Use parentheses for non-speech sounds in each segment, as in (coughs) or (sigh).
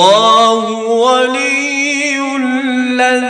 والله ولی الذی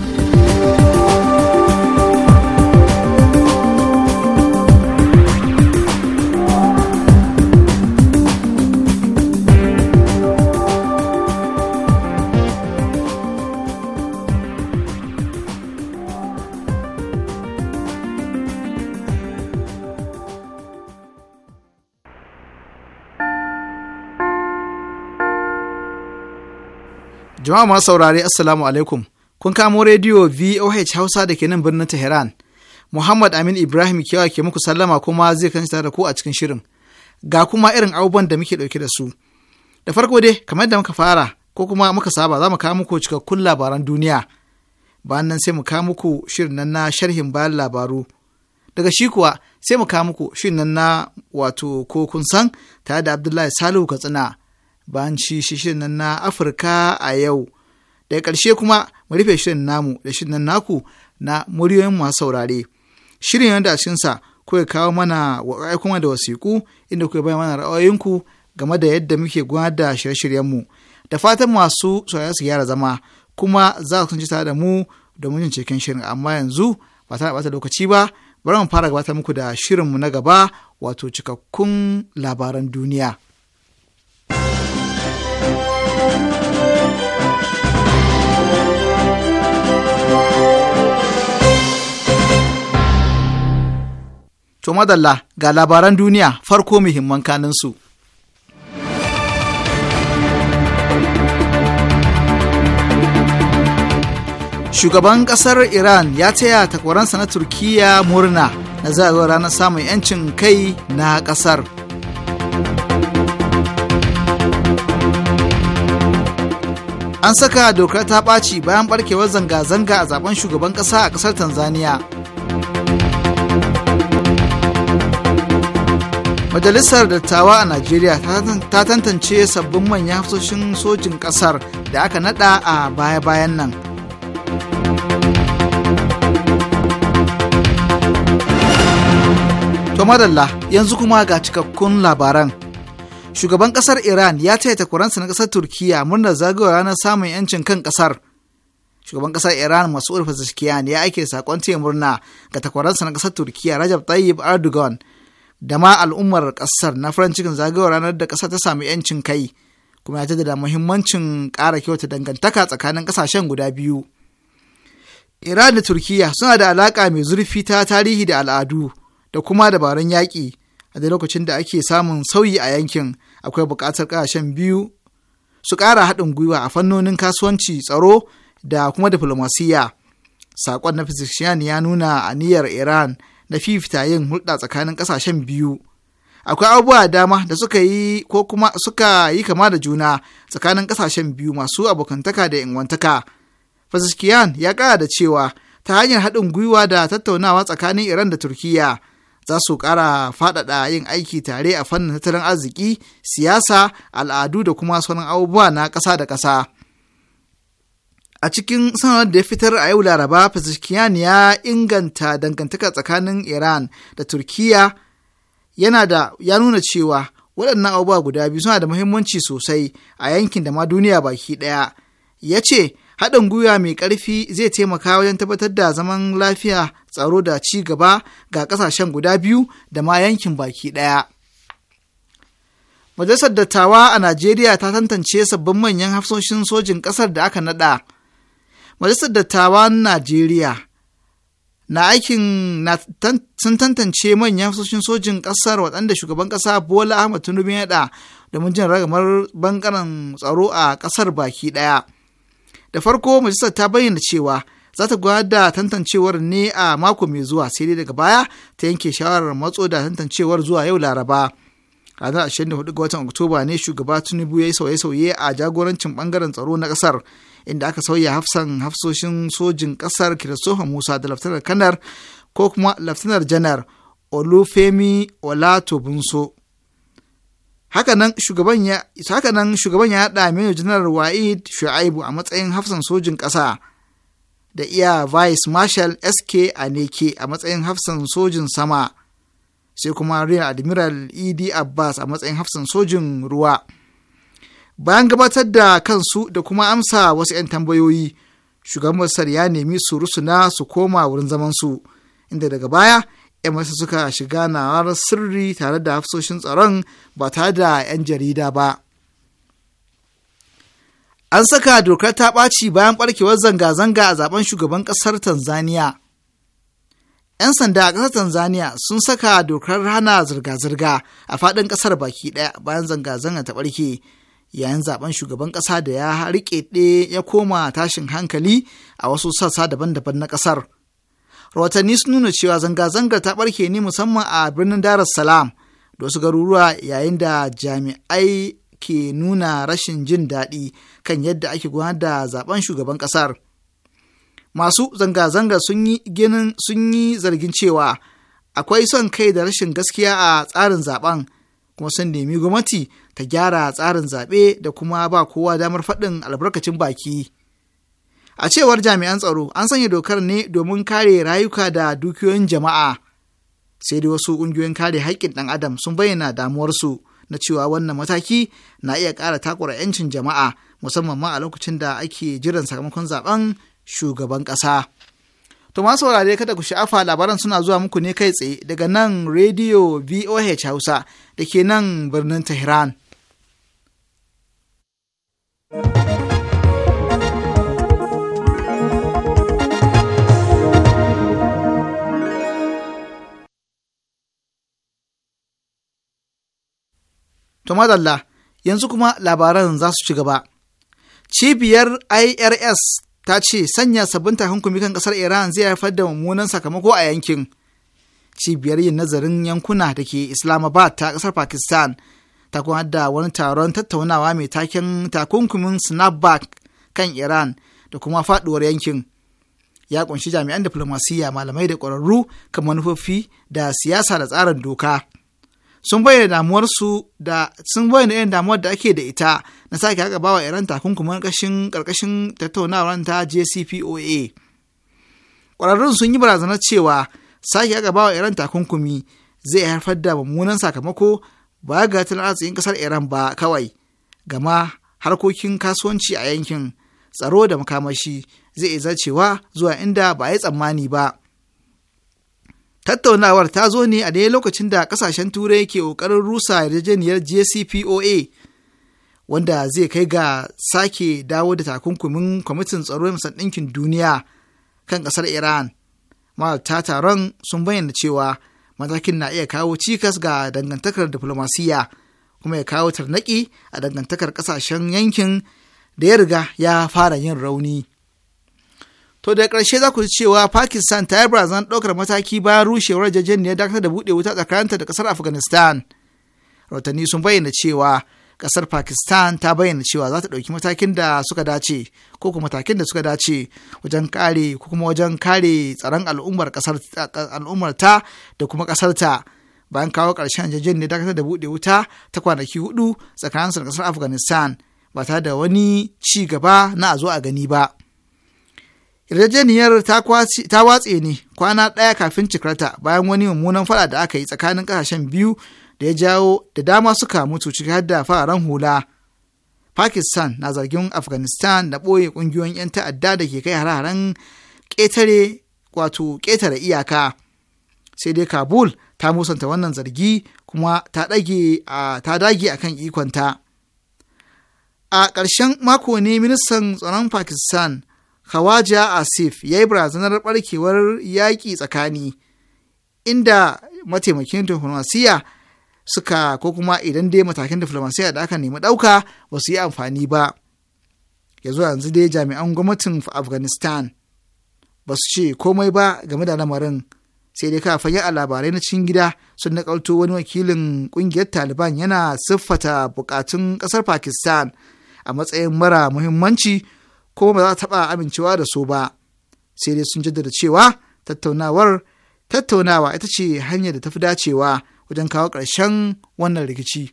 Jama'a masu saurare Assalamu alaikum. Kun kamo rediyo VOH Hausa da ke nan birnin Tehran. Muhammad Amin Ibrahim Kewa ke muku sallama kuma zai kanci da ku a cikin shirin. Ga kuma irin abubuwan da muke ɗauke da su. Da farko dai, kamar da muka fara ko kuma muka saba za mu kawo muku cikakkun labaran duniya. Bayan nan sai mu kawo muku shirin nan na sharhin bayan labaru. Daga shi kuwa sai mu kawo muku shirin nan na wato ko kun san tare da Abdullahi Salihu Katsina. bayan ci shirin na Afirka a yau. Daga ƙarshe kuma mu rufe shirin namu da shirin naku na muryoyin masu saurare. Shirin yadda a cikinsa kuka kawo mana wa kuma da wasiku, inda kuka bai mana ra'ayoyinku game da yadda muke gudanar da shirye-shiryenmu. Da fatan masu saurare su gyara zama kuma za su ji tare da mu domin jin cikin shirin amma yanzu ba ta bata lokaci ba bari mu fara gabatar muku da shirinmu na gaba wato cikakkun labaran duniya. To madalla ga labaran duniya farko muhimman kaninsu. Shugaban ƙasar Iran ya taya takwaransa na Turkiyya murna na zagayowar ranar samun 'yancin kai na ƙasar. an saka dokar ta ɓaci bayan barkewar zanga-zanga a zaben shugaban ƙasa a ƙasar tanzania majalisar dattawa a najeriya ta tantance sabbin manyan hafsoshin sojin ƙasar da aka naɗa a baya-bayan nan to madalla yanzu kuma ga cikakkun labaran shugaban kasar iran ya taya takwaransa na kasar turkiya murnar zagayowar ranar samun yancin kan kasar shugaban kasar iran masu mas'ud pezeshkian ya aike sakon taya murna ga takwaransa na kasar turkiya rajab tayyip erdogan da ma al'ummar kasar na farin cikin zagayowar ranar da kasar ta samu yancin kai kuma ya jaddada muhimmancin ƙara kyauta dangantaka tsakanin kasashen guda biyu iran da turkiya suna da alaƙa mai zurfi ta tarihi da al'adu da kuma dabarun yaƙi a da lokacin da ake samun sauyi a yankin akwai buƙatar ƙasashen biyu su ƙara haɗin gwiwa a fannonin kasuwanci tsaro da kuma diflomasiyya saƙon na fizikishiyan ya nuna a niyyar iran na fifita yin hulɗa tsakanin ƙasashen biyu akwai abubuwa dama da suka yi ko kuma suka yi kama da juna tsakanin ƙasashen biyu masu abokantaka da ingantaka fisikshiyan ya ƙara da cewa ta hanyar haɗin gwiwa da tattaunawa tsakanin iran da turkiyya za su ƙara faɗaɗa yin aiki tare a fannin tattalin arziki siyasa al'adu da kuma sauran abubuwa na ƙasa da ƙasa a cikin sanarwar da ya fitar a yau laraba fasikiyan ya inganta dangantaka tsakanin iran da turkiyya yana da ya nuna cewa waɗannan abubuwa guda biyu suna da muhimmanci sosai a yankin da ma duniya baki ɗaya ya ce haɗin gwiwa mai ƙarfi zai taimaka wajen tabbatar da zaman lafiya tsaro da ci gaba ga ƙasashen guda biyu da ma yankin baki ɗaya. Majalisar Dattawa a Najeriya ta tantance sabbin manyan hafsoshin sojin ƙasar da aka naɗa. Majalisar na Najeriya na aikin sun tantance manyan hafsoshin sojin ƙasar waɗanda shugaban ƙasa Bola Ahmed Tinubu ya naɗa domin jin ragamar bangaren tsaro a ƙasar baki ɗaya. da farko majalisar ta bayyana cewa za ta gwada tantancewar ne a mako mai zuwa sai dai daga baya ta yanke shawarar matso da tantancewar zuwa yau laraba a ranar 24 ga watan oktoba ne shugaba tinubu ya yi sauye-sauye a jagorancin bangaren tsaro na kasar inda aka sauya hafsan hafsoshin sojin kasar kiristofa musa da laftanar kanar ko kuma laftanar janar olufemi olatobunso haka nan shugaban ya haɗa Major General Wa'id Shu'aibu a matsayin hafsan sojin ƙasa da iya Vice Marshal SK Aneke a matsayin hafsan sojin sama sai kuma Rear Admiral ED Abbas a matsayin hafsan sojin ruwa. Bayan gabatar da kansu da kuma amsa wasu 'yan tambayoyi, shugaban Masar ya nemi su rusuna su koma wurin zamansu, inda daga baya 'yan wasu suka shiga nawar sirri tare da hafsoshin tsaron ba tare da 'yan jarida ba. An saka dokar ta ɓaci bayan ɓarkewar zanga-zanga a zaben shugaban ƙasar Tanzania. 'Yan sanda a ƙasar Tanzania sun saka dokar hana zirga-zirga a faɗin ƙasar baki ɗaya bayan zanga-zanga ta ɓarke. yayin zaben shugaban ƙasa da ya riƙe ya koma tashin hankali a wasu sassa daban-daban na ƙasar. rawatanni sun nuna cewa zanga-zangar ta barke ne musamman a birnin dar es salaam da wasu garuruwa yayin da jami'ai ke nuna rashin jin daɗi kan yadda ake gudanar da zaben shugaban ƙasar. Masu zanga-zanga sun yi zargin cewa akwai son kai da rashin gaskiya a tsarin zaben kuma sun nemi gwamnati ta gyara tsarin zaɓe da kuma ba kowa damar faɗin albarkacin baki. A cewar jami'an tsaro an sanya dokar ne domin kare rayuka da dukiyoyin jama'a. Sai dai wasu ƙungiyoyin kare haƙƙin ɗan adam sun bayyana damuwarsu na cewa wannan mataki na iya ƙara takura 'yancin jama'a musamman ma a lokacin da ake jiran sakamakon zaben shugaban ƙasa. To masu saurare kada ku sha'afa labaran suna zuwa muku ne kai tsaye daga nan Radio VOH Hausa da ke nan birnin Tehran. To madalla, yanzu kuma labaran za su ci gaba. Cibiyar IRS ta ce sanya sabbin takunkumi kan ƙasar Iran zai haifar da mummunan sakamako a yankin. Cibiyar yin nazarin yankuna da ke Islamabad ta ƙasar Pakistan ta kuma da wani taron tattaunawa mai taken takunkumin snapback kan Iran da kuma faɗuwar yankin. Ya ƙunshi jami'an diflomasiyya malamai da ƙwararru kan manufofi da siyasa da tsarin doka. sun bayyana su da sun bayyana irin damuwar da ake da ita na sake haka bawa Iran takunkumin ƙarƙashin ƙarƙashin tattaunawar ta JCPOA. Ƙwararrun sun yi barazanar cewa sake haka bawa Iran takunkumi zai haifar da mummunan sakamako ba ga tattalin arzikin ƙasar Iran ba kawai, gama harkokin kasuwanci a yankin tsaro da makamashi zai iya cewa zuwa inda ba a yi tsammani ba. Tattaunawar ta zo ne a daya lokacin da kasashen Turai ke ƙoƙarin rusa yarjejeniyar JCPOA wanda zai kai ga sake dawo da takunkumin kwamitin tsaro masan Ɗinkin Duniya kan ƙasar Iran. ta taron sun bayyana cewa matakin na iya kawo cikas ga dangantakar diflomasiyya kuma ya kawo tarnaki a dangantakar ƙasashen yankin da ya riga ya fara yin rauni. To da ƙarshe za ku ji cewa Pakistan ta yi barazan ɗaukar mataki bayan rushewar ne ya dakatar da buɗe wuta tsakaninta da ƙasar Afghanistan. Rautani sun bayyana cewa ƙasar Pakistan ta bayyana cewa za ta ɗauki matakin da suka dace ko kuma matakin da suka dace wajen kare ko kuma wajen kare tsaron al'ummar ta da kuma ƙasar ta. Bayan kawo ƙarshen ya dakatar da buɗe wuta ta kwanaki hudu tsakaninsa da ƙasar Afghanistan ba tare da wani ci gaba na a zo a gani ba. yarjejeniyar ta watse ne kwana ɗaya kafin cikarta bayan wani mummunan fada da aka yi tsakanin ƙasashen biyu da ya jawo da dama suka mutu ciki har da fararen hula pakistan na zargin afghanistan da ɓoye ƙungiyoyin 'yan ta'adda da ke kai hare-haren ƙetare wato ƙetare iyaka sai dai kabul ta musanta wannan zargi kuma ta dage ta dage akan ikonta a ƙarshen mako ne ministan tsaron pakistan Khawaja Asif ya yi barazanar barkewar yaƙi tsakani inda mataimakin diflomasiya suka ko kuma idan dai matakin diflomasiya da aka nemi ɗauka ba su yi amfani ba. Ya zo yanzu dai jami'an gwamnatin Afghanistan ba su ce komai ba game da lamarin sai dai kafin a labarai na cikin gida sun nakalto wani wakilin ƙungiyar Taliban yana siffata buƙatun ƙasar Pakistan a matsayin mara muhimmanci ko ba za ta taɓa amincewa da su ba sai dai sun jaddada cewa tattaunawar tattaunawa ita ce hanyar da tafi dacewa wajen kawo ƙarshen wannan rikici.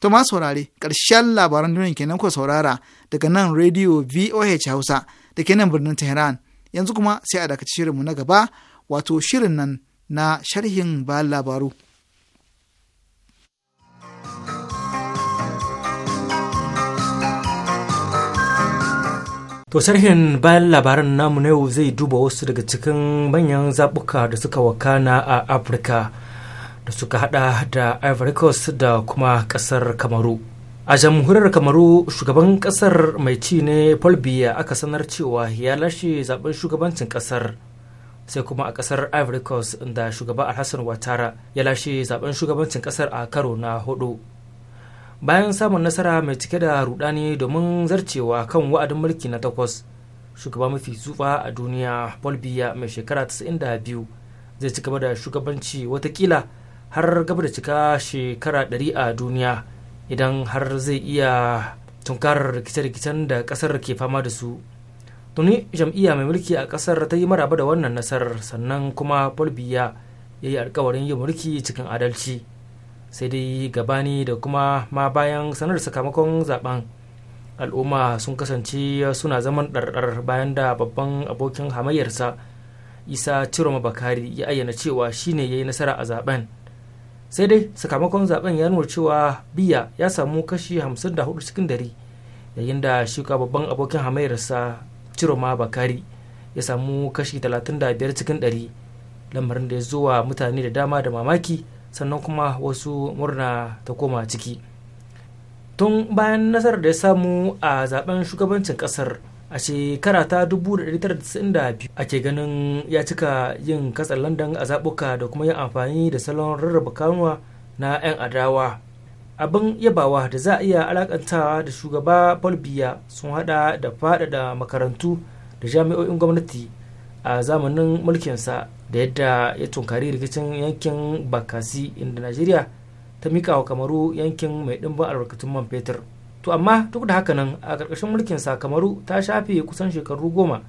To ma saurare ƙarshen labaran duniya kenan ko saurara daga nan rediyo VOH Hausa da ke nan birnin Tehran yanzu kuma sai a dakaci shirinmu na gaba wato shirin nan na sharhin bayan labaru. To sarhin bayan labaran namu na yau zai duba wasu daga cikin manyan zaɓuka da suka wakana a Afirka da suka hada da Ivory Coast da kuma ƙasar Kamaru. A jamhuriyar Kamaru shugaban ƙasar mai ci ne Paul Biya aka sanar cewa ya lashe zaben shugabancin ƙasar. Sai kuma a ƙasar Ivory Coast da shugaba Alhassan Watara ya lashe zaben shugabancin ƙasar a karo na hudu. bayan samun nasara mai cike da rudani domin zarcewa kan wa'adin mulki na takwas shugaba mafi tsufa a duniya Bolbiya mai shekara 92 zai ci gaba da shugabanci watakila har gaba da cika shekara 100 a duniya idan har zai iya tunkar rikice-rikicen da kasar ke fama da su tuni jam'iyya mai mulki a kasar ta yi maraba da wannan nasarar sannan kuma Bolbiya ya yi alkawarin yin mulki cikin adalci sai dai gabani da kuma ma bayan sanar sakamakon zaben al'umma sun kasance suna zaman ɗarɗar bayan da babban abokin hamayyarsa isa ciroma bakari ya ayyana cewa shine ya yi nasara a zaben sai dai sakamakon zaben ya nuna cewa biya ya samu kashi 54 cikin dari yayin da shuka babban abokin hamayyarsa ciroma bakari ya samu kashi 35 cikin dari lamarin da ya zuwa mutane da dama da mamaki sannan kuma wasu murna ta koma ciki tun bayan nasarar da ya samu a zaben shugabancin kasar a shekara ta 1992 ake ganin ya cika yin katsar Landan a zaɓuka da kuma yin amfani da salon rarraba kanuwa na 'yan adawa abin yabawa da za a iya alakantawa da shugaba paul sun hada da faɗaɗa makarantu da jami'o'in gwamnati a zamanin mulkinsa da yadda ya tunkari rikicin yankin bakasi inda najeriya ta mika wa kamaru yankin mai ɗimbin albarkatun man fetur to amma duk da haka nan a ƙarƙashin mulkin sa kamaru ta shafe kusan shekaru goma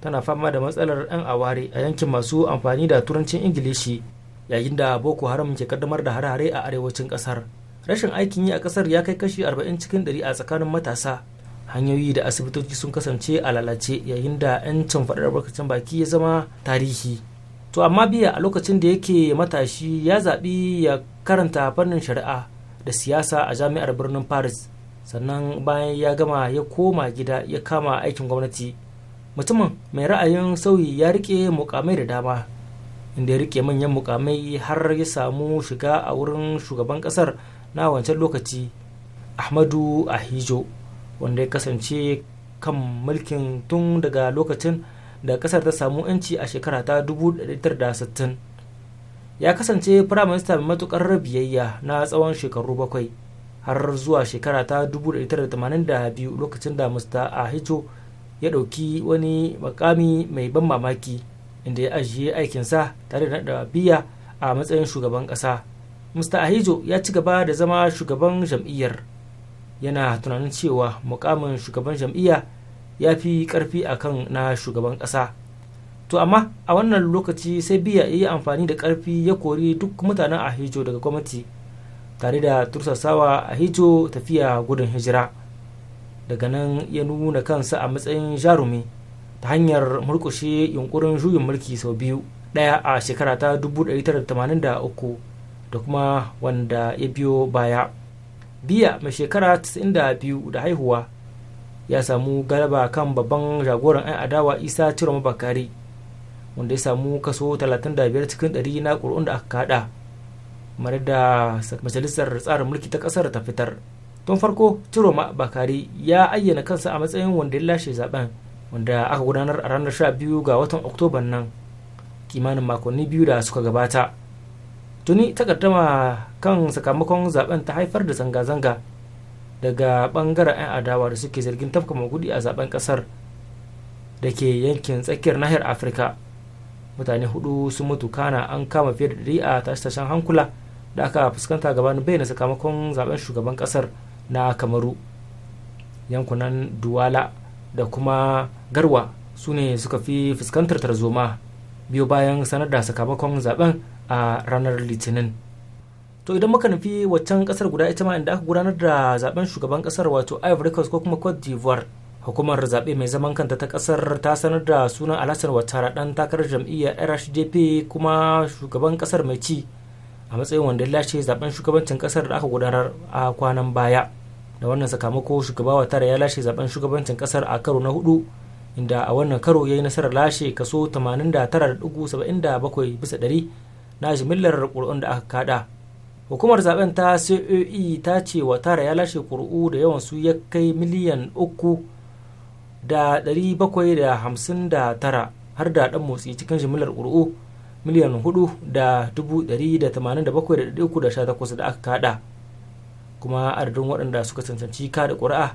tana fama da matsalar 'yan aware a yankin masu amfani da turancin ingilishi yayin da boko haram ke kaddamar da hare-hare a arewacin ƙasar rashin aikin yi a ƙasar ya kai kashi 40 cikin 100 a tsakanin matasa hanyoyi da asibitoci sun kasance a lalace yayin da 'yancin faɗar albarkacin baki ya zama tarihi to amma biya a lokacin da yake matashi ya zaɓi ya karanta fannin shari'a da siyasa a jami'ar birnin paris sannan bayan ya gama ya koma gida ya kama aikin gwamnati mutumin mai ra'ayin sauyi ya rike mukamai da dama inda ya rike manyan mukamai har ya samu shiga a wurin shugaban kasar na wancan lokaci ahmadu ahijo wanda ya kasance kan mulkin tun daga lokacin da kasar ta samu 'yanci a shekara ta 1960 ya kasance firaminista mai matukar biyayya na tsawon shekaru bakwai har zuwa shekara ta 1982 lokacin da mr ahijo ya ɗauki wani makami mai ban mamaki inda ya ajiye aikinsa tare da biya a matsayin shugaban ƙasa mr ahijo ya ci gaba da zama shugaban jam'iyyar yana tunanin cewa mukamin shugaban jam'iyya ya fi karfi a kan na shugaban ƙasa to amma a wannan lokaci sai biya ya yi amfani da karfi ya kori duk mutanen hijo daga gwamnati tare da tursasawa a ahijo tafiya gudun hijira daga nan ya nuna kansa a matsayin jarumi ta hanyar murkushe yunkurin juyin mulki sau biyu ɗaya a shekara ta 1983 da kuma wanda ya biyo baya biya mai shekara 92 da haihuwa ya samu galaba kan babban jagoran 'yan adawa isa ciroma bakari wanda ya samu kaso 35 cikin 100 na ƙuri'un da aka kada mare da majalisar tsarin mulki ta ƙasar ta fitar tun farko ciroma bakari ya ayyana kansa a matsayin wanda ya lashe zaben wanda aka gudanar a ranar 12 ga watan oktoban nan kimanin makonni biyu da suka gabata tuni takaddama kan sakamakon zaben ta haifar da zanga-zanga daga bangaren 'yan adawa da suke zargin tafka magudi a zaben kasar da ke yankin tsakiyar nahiyar afirka mutane hudu sun mutu kana an kama fiye da dari a tashe-tashen hankula da aka fuskanta gabanin bayyana sakamakon zaben shugaban kasar na kamaru yankunan duwala da kuma garwa su ne suka fi fuskantar tarzoma biyo bayan sanar da sakamakon zaben a ranar litinin to idan muka nufi waccan kasar guda ita ma inda aka gudanar da zaben shugaban kasar wato ivory coast ko kuma cote d'ivoire hukumar zaɓe mai zaman kanta ta kasar ta sanar da sunan alasan watara ɗan takarar jam'iyyar rhdp kuma shugaban kasar mai ci a matsayin wanda ya lashe zaben shugabancin kasar da aka gudanar a kwanan baya da wannan sakamako shugaba watara ya lashe zaben shugabancin kasar a karo na hudu inda a wannan karo ya yi nasarar lashe kaso 89.77 bisa ɗari na jimillar ƙuri'un da aka kada hukumar zaben ta coe ta ce wa tara ya lashe kur’u da yawan su ya kai miliyan uku da ɗari bakwai da hamsin da tara har da ɗan motsi cikin jimillar kur’u miliyan hudu da dubu ɗari da tamanin da bakwai da ɗari uku da sha takwas da aka kaɗa kuma adadin waɗanda suka cancanci da ƙuri'a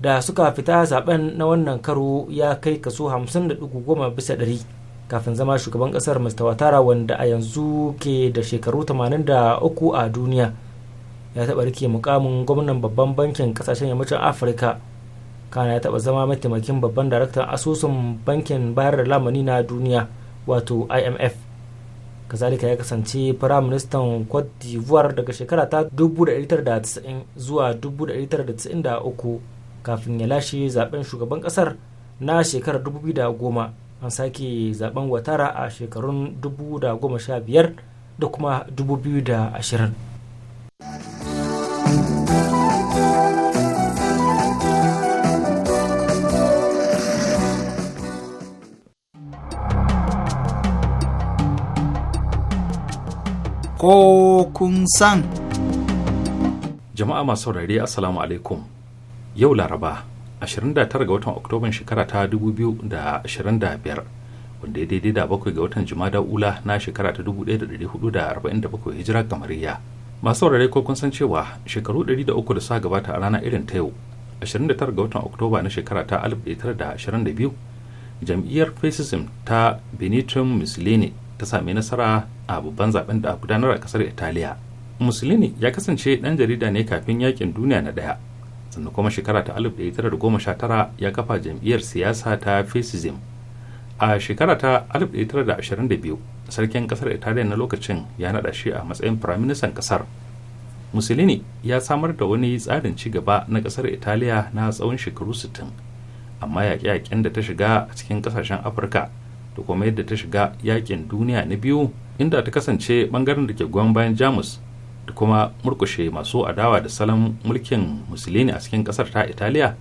da suka fita zaben na wannan karo ya kai kaso hamsin da ɗigo goma bisa ɗari kafin zama shugaban kasar mr watara wanda a yanzu ke da shekaru 83 a duniya ya taɓa rike mukamin gwamnan babban bankin kasashen yammacin afirka kana ya taɓa zama mataimakin babban daraktan asusun bankin bayar da lamani na duniya wato imf kazalika ya kasance firaministan cote d'ivoire daga shekara ta 1990 zuwa 1993 kafin ya lashe zaben shugaban kasar na shekarar 2010 an sake zaben watara a shekarun 2015 da kuma 2020 ko kun san jama'a masu saurare assalamu alaikum yau laraba 29 ga watan oktoban shekara ta 2025 wanda ya daidai da bakwai ga watan jumada ula na shekara ta 1447 hijira kamariya masu wurare ko kun san cewa shekaru 300 da sa gabata a rana irin ta yau 29 ga watan oktoba na shekara ta 1922 jam'iyyar fascism ta benito mussolini ta sami nasara a babban zaben da gudanar a kasar italiya musulini ya kasance dan jarida ne kafin yakin duniya na daya sannan kuma shekara ta 1919 ya kafa jam'iyyar siyasa ta fascism a shekara ta 1922 sarkin kasar italiya na lokacin ya naɗa shi a matsayin firaministan kasar musulini ya samar da wani tsarin ci gaba na kasar italiya na tsawon shekaru 60 amma yaƙe-yaƙen da ta shiga a cikin kasashen afirka da kuma yadda ta shiga yaƙin duniya na biyu inda ta kasance bangaren da ke goyon bayan jamus da kuma murkushe masu adawa da salon mulkin musulini a cikin kasar ta italiya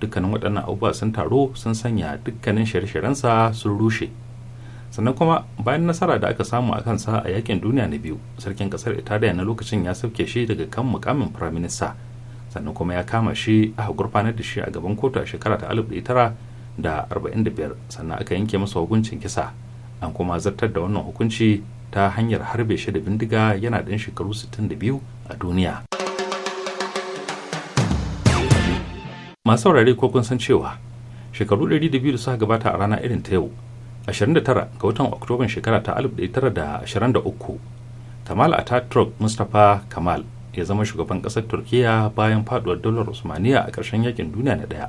dukkanin waɗannan abubuwa sun taro sun sanya dukkanin shirye-shiryensa sun rushe sannan kuma bayan nasara da aka samu a kansa a yakin duniya na biyu sarkin kasar italiya na lokacin ya sauke shi daga kan mukamin firaminista sannan kuma ya kama shi aka gurfanar da shi a gaban kotu a shekara ta 1945 sannan aka yanke masa hukuncin kisa an kuma zartar da wannan hukunci ta hanyar harbe shi da bindiga yana ɗan shekaru 62 a duniya. Masu saurare ko kun san cewa shekaru 200 da suka gabata a rana irin ta yau 29 ga watan Oktoban shekara ta 1923 Kamal Ataturk Mustapha Kamal ya zama shugaban ƙasar Turkiyya bayan faduwar dalar Usmaniya a ƙarshen yakin duniya na ɗaya.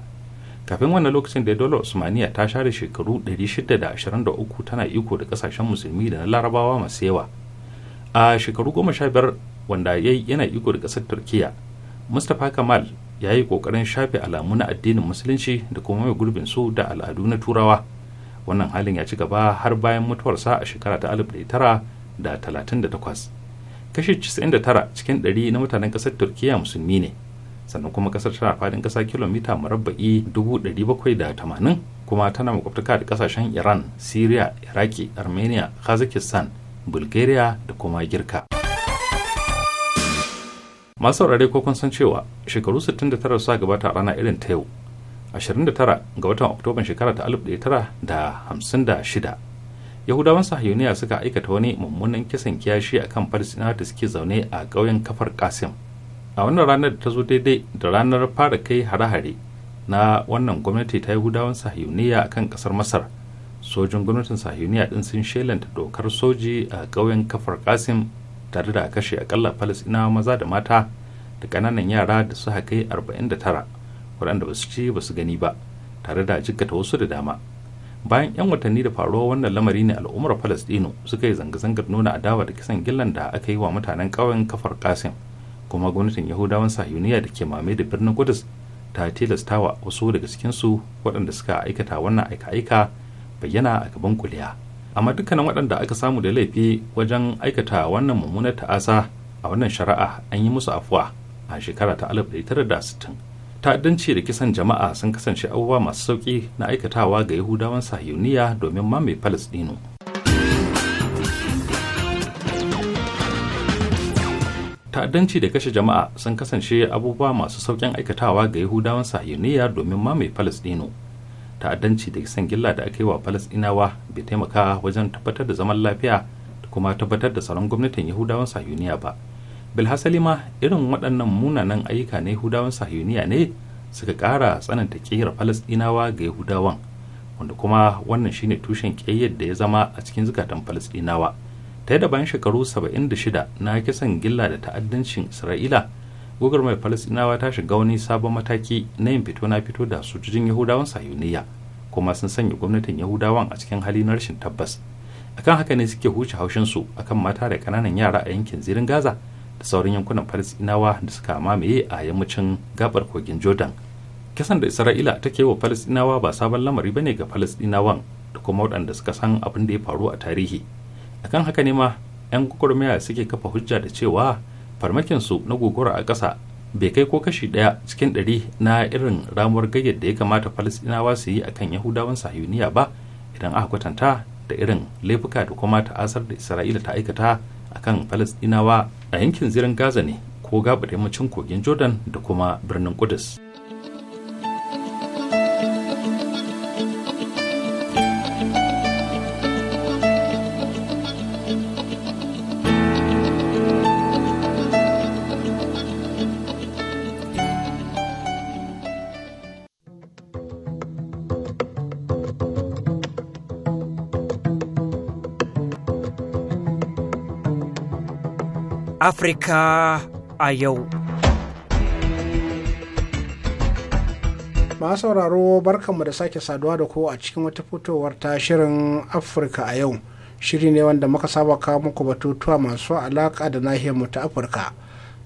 kafin wannan lokacin da dole usmaniya ta share shekaru 623 tana iko da kasashen musulmi da na larabawa masu yawa a shekaru 15 wanda ya yi yana iko da kasar turkiya mustapha kamal ya yi kokarin shafe alamu na addinin musulunci da kuma mai gurbin su da al'adu na turawa wannan halin ya ci gaba har bayan mutuwarsa a shekara ta 1938 kashi 99 cikin 100 na mutanen kasar turkiya musulmi ne sannan kuma kasar tana faɗin ƙasa kilomita murabba'i 780 kuma tana makwabtaka da ƙasashen iran syria iraki armenia kazakistan bulgaria da kuma girka masu saurare ko kun san cewa shekaru 69 sa gabata a rana irin ta yau 29 ga watan oktoban shekara ta 1956 yahudawan sahiyoniya suka aikata wani mummunan kisan kiyashi akan farisina da suke zaune a ƙauyen kafar kasim a wannan ranar da ta zo daidai da ranar fara kai hare-hare na wannan gwamnati ta yi gudawan sahiyuniya a kan kasar masar sojin gwamnatin sahiyuniya din sun shelanta dokar soji a ƙauyen kafar kasim tare da kashe akalla falasina maza da mata da ƙananan yara da suka kai 49 waɗanda ba su ci ba su gani ba tare da jikkata wasu da dama bayan 'yan watanni da faruwa wannan lamari ne al'ummar falastino suka yi zanga-zangar nuna adawa da kisan gillan da aka yi wa mutanen ƙauyen kafar kasim kuma gwamnatin yahudawan sahiyuniya da ke mame da birnin kudus ta tilasta wa wasu daga cikinsu waɗanda suka aikata wannan aika-aika bayyana a gaban kuliya amma dukkanin waɗanda aka samu da laifi wajen aikata wannan mummunar ta'asa a wannan shari'a an yi musu afuwa a shekara ta 1960 ta'addanci da kisan jama'a sun kasance abubuwa masu sauƙi na aikatawa ga yahudawan sahiyuniya domin mame palestino ta'addanci da kashe jama'a sun kasance abubuwa masu sauƙin aikatawa ga yahudawan sahiyaniya domin mamaye falasdino ta'addanci da kisan gilla da aka yi wa falasdinawa bai taimaka wajen tabbatar da zaman lafiya da kuma tabbatar da tsaron gwamnatin yahudawan sahiyaniya ba bilhassali ma irin waɗannan munanan ayyuka na yahudawan sahiyaniya ne suka ƙara tsananta ƙiyar falasdinawa ga yahudawan wanda kuma wannan shine tushen ƙiyayyar da ya zama a cikin zukatan falasdinawa. ta da bayan shekaru 76 na kisan gilla da ta'addancin isra'ila gugar mai falasinawa ta shiga wani sabon mataki na yin fito na fito da sojojin yahudawan sayuniya kuma sun sanya gwamnatin yahudawan a cikin hali na rashin tabbas akan haka ne suke huce haushin su akan mata da kananan yara a yankin zirin gaza da sauran yankunan falasinawa da suka mamaye a yammacin gabar kogin jordan kisan da isra'ila take wa falasinawa ba sabon lamari bane ga falasinawan da kuma waɗanda suka san abin da ya faru a tarihi akan haka ne ma 'yan gwagwarmaya suke kafa hujja da cewa farmakinsu na gogora a ƙasa bai kai ko kashi ɗaya cikin ɗari na irin ramuwar gayyar da ya kamata falasɗinawa su yi akan yahudawan sahiyuniya ba idan aka kwatanta da irin laifuka da kuma ta'asar da isra'ila ta aikata akan falasɗinawa a yankin zirin gaza ne ko gaba da yammacin kogin jordan da kuma birnin kudus. Afrika a yau. Masu sauraro barkanmu da sake saduwa da ku a cikin wata fitowar ta shirin Afirka a yau. Shiri ne wanda muka saba kawo muku batutuwa masu alaƙa da nahiyar mu ta Afirka.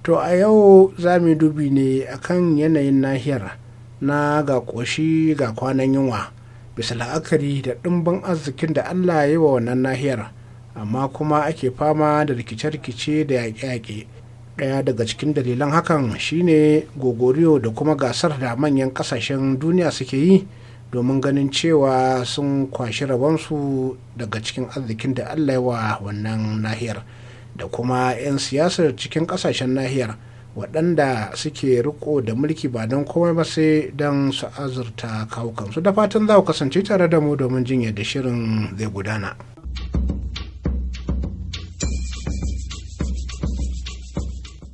To a yau za mu dubi ne akan yanayin nahiyar na ga ƙoshi ga kwanan yunwa bisa la'akari da ɗimbin arzikin da Allah ya yi wa wannan nahiyar. amma kuma ake fama da rikice-rikice da yaƙe-yaƙe ɗaya daga cikin dalilan hakan shine gogoriyo da kuma gasar da manyan ƙasashen duniya suke yi domin ganin cewa sun kwashi rabonsu daga cikin arzikin da allah wa wannan nahiyar da kuma 'yan siyasar cikin ƙasashen nahiyar waɗanda suke riko da mulki ba don komai ba sai don su azurta kawukansu da fatan za ku kasance tare da mu domin jin yadda shirin zai gudana.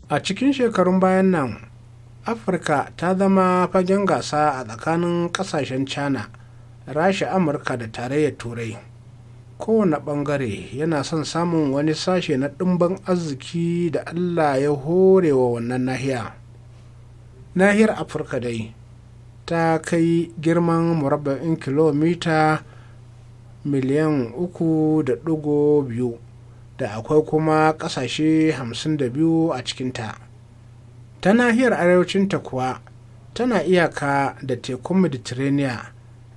a cikin shekarun bayan nan afirka ta zama fagen gasa a tsakanin kasashen china rasha amurka da tarayyar turai kowane bangare yana son samun wani sashe na ɗimban arziki da allah ya hore wa wannan nahiya nahiyar afirka dai ta kai girman murabba'in kilomita miliyan uku da ɗigo biyu da akwai kuma ƙasashe 52 a cikinta ta nahiyar arewacinta kuwa tana iyaka da tekun mediterranean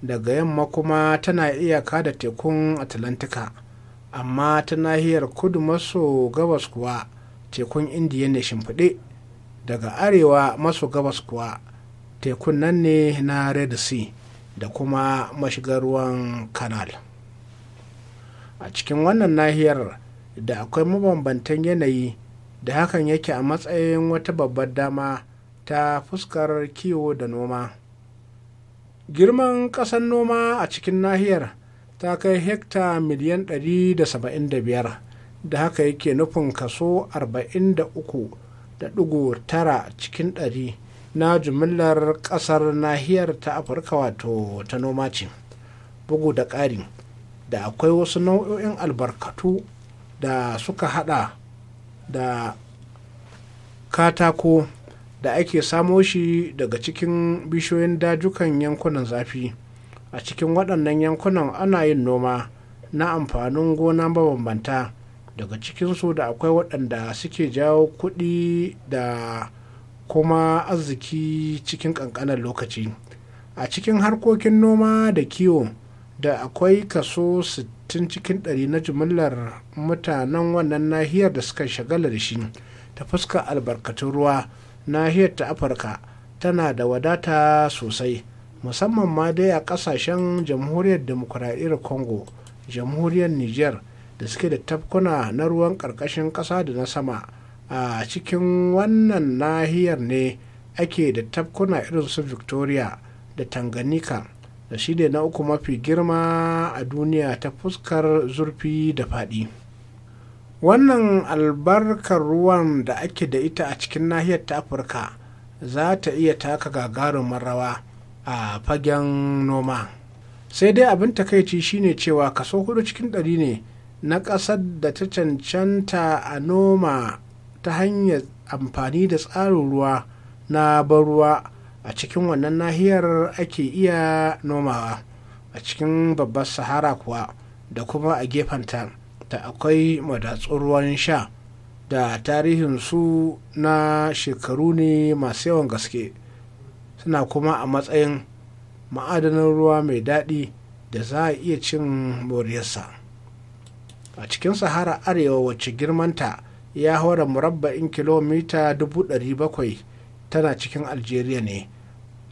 daga yamma kuma tana iyaka da tekun atlantika amma ta nahiyar kudu maso gabas kuwa tekun indiya ne shimfiɗe daga arewa maso gabas kuwa tekun nan ne na red sea da kuma mashigar ruwan canal a cikin wannan nahiyar da akwai mabambantan yanayi da hakan yake a matsayin wata babbar dama ta fuskar kiwo da noma girman ƙasar noma a cikin nahiyar ta kai hekta miliyan 175 da haka yake nufin kaso 43.9 cikin 100 na jumillar ƙasar nahiyar ta afirka wato ta noma ce bugu da ƙari da akwai wasu nau'o'in albarkatu da suka hada da katako da ake samo shi daga cikin bishiyoyin dajukan yankunan zafi a cikin waɗannan yankunan ana yin noma na amfanin gona mabambanta daga cikinsu da akwai waɗanda suke jawo kuɗi da kuma arziki cikin ƙanƙanar lokaci a cikin harkokin noma da kiwo da akwai kaso 60 cikin ɗari na jimillar mutanen wannan nahiyar da suka shagala da shi ta fuska albarkatun ruwa nahiyar ta afirka tana da wadata sosai musamman ma dai a kasashen jamhuriyar demokuraɗiyyar congo jamhuriyar niger da suke da tafkuna na ruwan ƙarƙashin ƙasa da na sama a cikin wannan nahiyar ne ake da tafkuna irin su victoria da tanganyika da shi na uku mafi girma a duniya ta fuskar zurfi da faɗi wannan albarkar ruwan da ake da ita a cikin nahiyar ta afirka za ta iya taka gagarumin rawa a fagen noma sai dai abin takaici shine cewa kaso hudu cikin ɗari ne na ƙasar da ta cancanta a noma ta hanyar amfani da tsarin ruwa na ban ruwa a cikin wannan nahiyar ake iya nomawa a cikin babbar sahara kuwa da kuma a gefenta ta akwai madatsun ruwan sha da tarihinsu na shekaru ne masu yawan gaske suna kuma a matsayin ma'adanin ruwa mai daɗi da za a iya cin moriyarsa a cikin sahara arewa wacce girmanta ya hora murabba'in kilomita 700 tana cikin algeria ne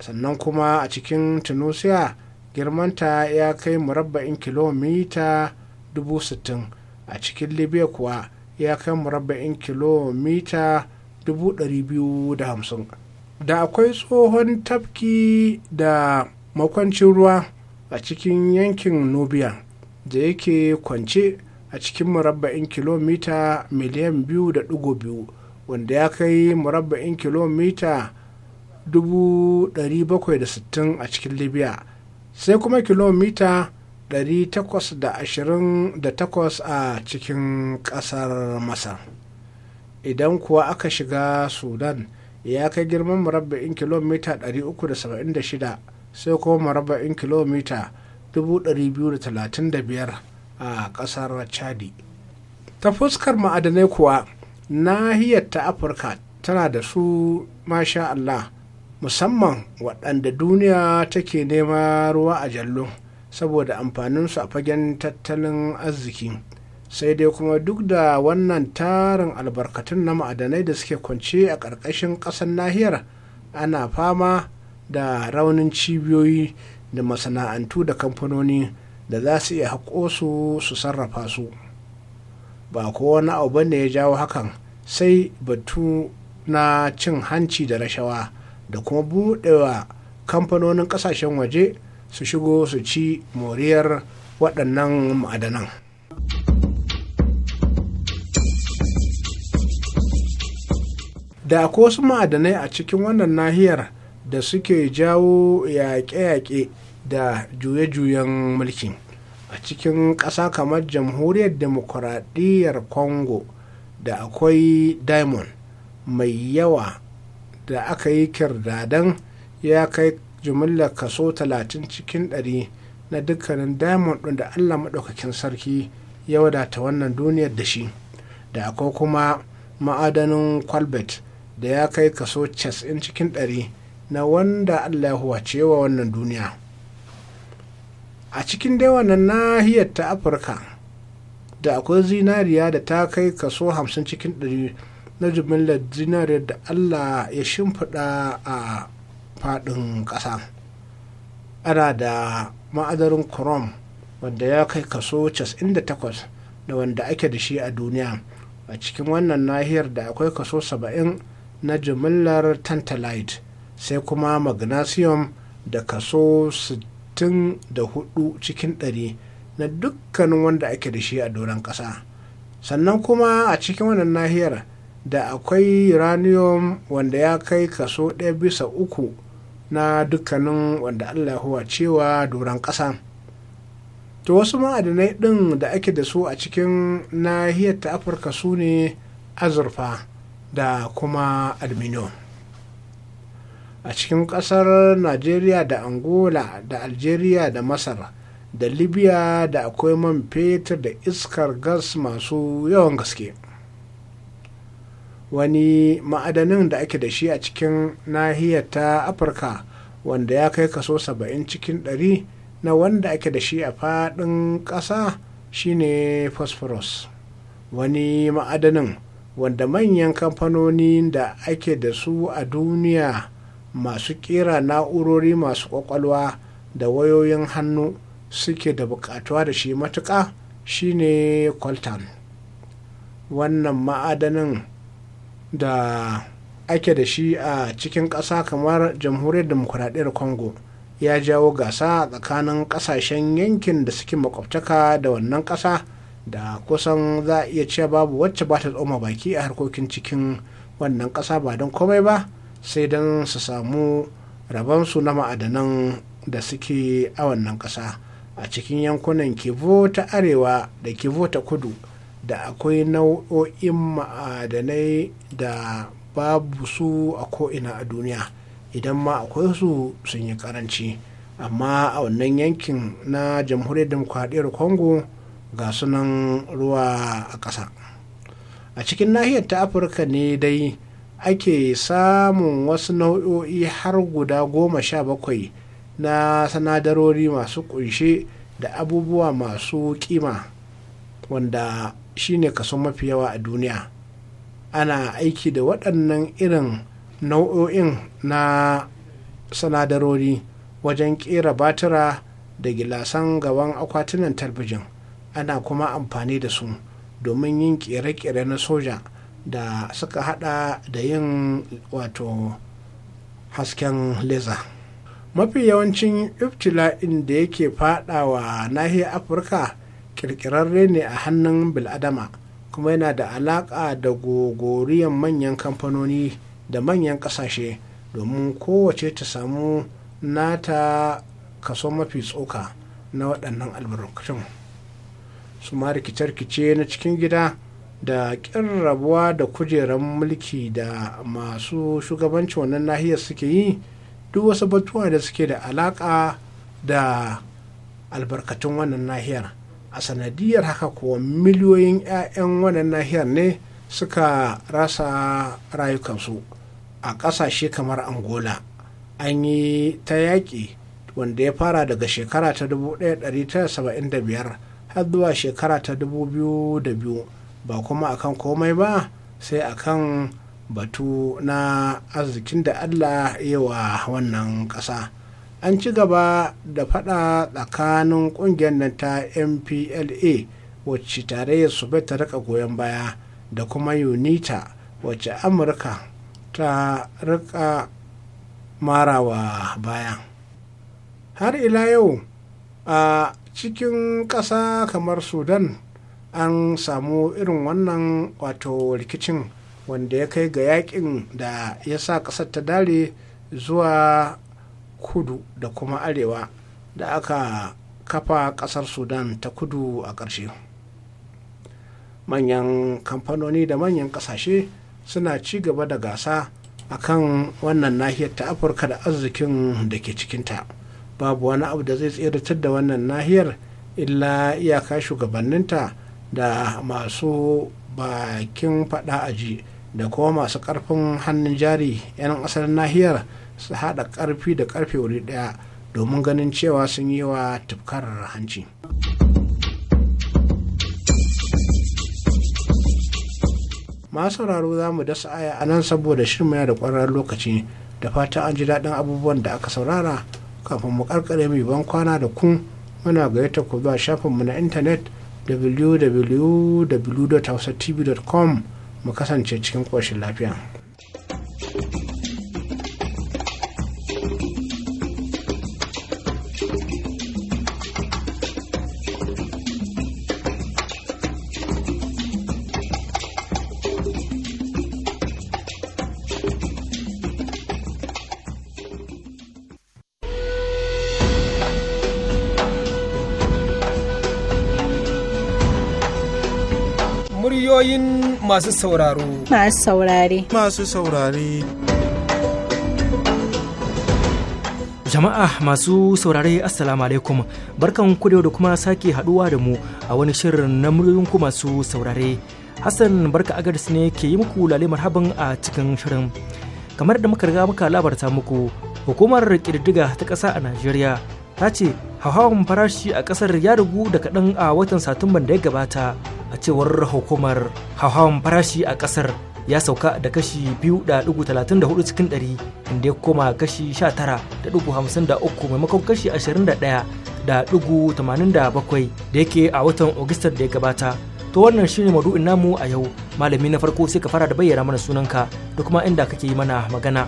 sannan kuma a cikin tunisia girmanta ya kai murabba'in kilomita 60,000 a cikin libya kuwa ya kai murabba'in kilomita 250 da akwai tsohon tafki da makwancin ruwa a cikin yankin nubia da yake kwance a cikin murabba'in kilomita miliyan 2.2 wanda ya kai murabba'in kilomita 760 a cikin libya sai kuma kilomita 828 a cikin ƙasar masar idan kuwa aka shiga sudan ya kai girman murabba'in kilomita 376 sai kuma murabba'in kilomita 235 a ƙasar chadi ta fuskar ma'adanai kuwa nahiyar ta afirka tana da su masha allah musamman waɗanda duniya take nema ruwa a jallo saboda amfanin su a fagen tattalin arziki sai dai kuma duk da wannan tarin albarkatun na ma'adanai da suke kwance a ƙarƙashin ƙasar nahiyar ana fama da raunin cibiyoyi da masana'antu da kamfanoni da za su iya haƙo su su sarrafa su ba ko wani abu ne ya jawo hakan sai batu na cin hanci da rashawa da kuma buɗewa kamfanonin ƙasashen waje su shigo su ci moriyar waɗannan ma'adanan. da akwai wasu ma'adanai a cikin wannan nahiyar da suke jawo yaƙe-yaƙe da juye-juyen mulki a cikin ƙasa kamar jamhuriyar demokuraɗiyyar congo da akwai diamond mai yawa da aka yi kirdadan ya kai jimilla kaso 30 cikin 100 na dukkanin diamond ɗin da allah maɗaukakin sarki ya wadata wannan duniyar da shi da akwai kuma ma'adanin kwalbet da ya kai kaso 90 cikin 100 na wanda allah ya huwace wannan duniya a cikin dai wannan nahiyar ta afirka da akwai zinariya da ta kai kaso hamsin cikin 100 na jimillar zinariyar da allah ya shimfiɗa a faɗin ƙasa ana da ma'adarin chrome wanda ya kai kaso 98 da wanda ake da shi a duniya a cikin wannan nahiyar da akwai kaso 70 na jimillar tantalite sai kuma magnesium da kaso 64 cikin 100 na dukkanin wanda ake da shi a doron ƙasa sannan kuma a cikin wannan nahiyar da akwai uranium wanda ya kai kaso ɗaya bisa uku na dukkanin wanda allah huwa cewa doron ƙasa to wasu ma'adinai ɗin da ake da su a cikin nahiyar ta afirka su ne azurfa da kuma aluminium a cikin ƙasar najeriya da angola da algeria da masar da libya da akwai man fetur da iskar gas masu yawan gaske wani ma'adanin da ake da shi a cikin nahiyar ta afirka wanda ya kai kaso 70 cikin 100 na wanda ake da shi a faɗin ƙasa shine phosphorus wani ma'adanin wanda manyan kamfanoni da ake da su a duniya masu kera na'urori masu kwakwalwa da wayoyin hannu suke da buƙatuwa da shi matuƙa shine coltan wannan ma'adanin da ake da shi a cikin ƙasa kamar jamhuriyar demokuraɗiyar congo ya jawo gasa a tsakanin ƙasashen yankin da suke makwabtaka da wannan ƙasa da kusan za a iya cewa babu wacce ba ta tsoma baki a harkokin cikin wannan ƙasa ba don komai ba sai don su samu rabansu na ma'adanan da suke a wannan ƙasa. a cikin yankunan Kivu ta arewa da Kivu ta kudu da akwai nau'o'in ma'adanai da babu su a ko'ina a duniya idan ma akwai su sun yi karanci amma a wannan yankin na jamhuriyar demokradiyyar congo ga sunan ruwa a ƙasa a cikin nahiyar ta afirka ne dai ake samun wasu nau'o'i har guda goma sha bakwai na sanadarori masu kunshe da abubuwa masu kima wanda shine kaso mafi yawa a duniya ana aiki da waɗannan irin nau'o'in na sanadarori wajen ƙera batura da gilasan gaban akwatunan talbijin ana kuma amfani da su domin yin ƙere-ƙere na soja da suka hada da yin wato hasken laser mafi yawancin iftila'in da yake fadawa nahiyar afirka kirkirarre ne a hannun biladama kuma yana da alaka da gogoriyar manyan kamfanoni da manyan kasashe domin kowace ta samu nata kaso mafi tsoka na waɗannan albarkatun su ma rikice-rikice na cikin gida da ƙin rabuwa da kujerar mulki da masu shugabanci wannan nahiyar suke yi duk wasu batuwa da suke da alaƙa da albarkatun wannan nahiyar a sanadiyar haka kuwa miliyoyin 'ya'yan wannan nahiyar ne suka rasa rayukansu a ƙasashe kamar angola an yi ta yaƙi wanda ya fara daga shekara ta 1975 har zuwa shekara ta 2002 ba kuma akan komai ba sai akan batu na arzikin da allah wa wannan ƙasa an ci gaba da faɗa tsakanin ƙungiyar nan ta mpla wacce tare tarayyar su ta rika goyon baya da kuma unita wacce amurka ta rika marawa baya har ila yau a cikin ƙasa kamar sudan an samu irin wannan wato rikicin wanda ya kai ga yakin da ya sa ƙasar ta dare zuwa kudu da kuma arewa da aka kafa ƙasar sudan ta kudu a ƙarshe manyan kamfanoni da manyan ƙasashe suna ci gaba da gasa a kan wannan nahiyar ta afirka da arzikin da ke cikinta babu wani abu da zai tsiritar da wannan nahiyar illa iyaka shugabanninta da masu bakin fada ji, da kuma masu ƙarfin hannun jari 'yan asalin nahiyar su haɗa ƙarfi da ƙarfe wuri ɗaya domin ganin cewa sun yi wa tufkarar hanci. masu sauraro za mu dasa aya a nan saboda shirma yana da ƙwararren lokaci da fata an ji daɗin abubuwan da aka saurara kafin mu karkare mai ban kwana da kun muna gayyata ku zuwa shafinmu na intanet www.hausatv.com mu kasance cikin ƙoshin lafiya. ra'ayoyin masu sauraro. Masu saurare. Masu saurare. Jama'a masu saurare Assalamu alaikum barkan ku da kuma sake haduwa da mu a wani shirin na muryoyin masu saurare. Hassan barka agadis ne ke yi muku lale marhaban a cikin shirin. Kamar da muka riga muka labarta muku, hukumar ƙididdiga ta ƙasa a Najeriya ta ce hauhawan farashi a ƙasar ya rigu da kaɗan a watan Satumban da ya gabata a cewar hukumar hauhawan farashi a kasar ya sauka da kashi 2.34 cikin 100 inda ya koma kashi 19.53 maimakon kashi 21.87 da yake a watan Agustar da ya gabata. To wannan shine madu'in namu a yau malami na farko sai ka fara da bayyana mana sunanka da kuma inda kake yi mana magana.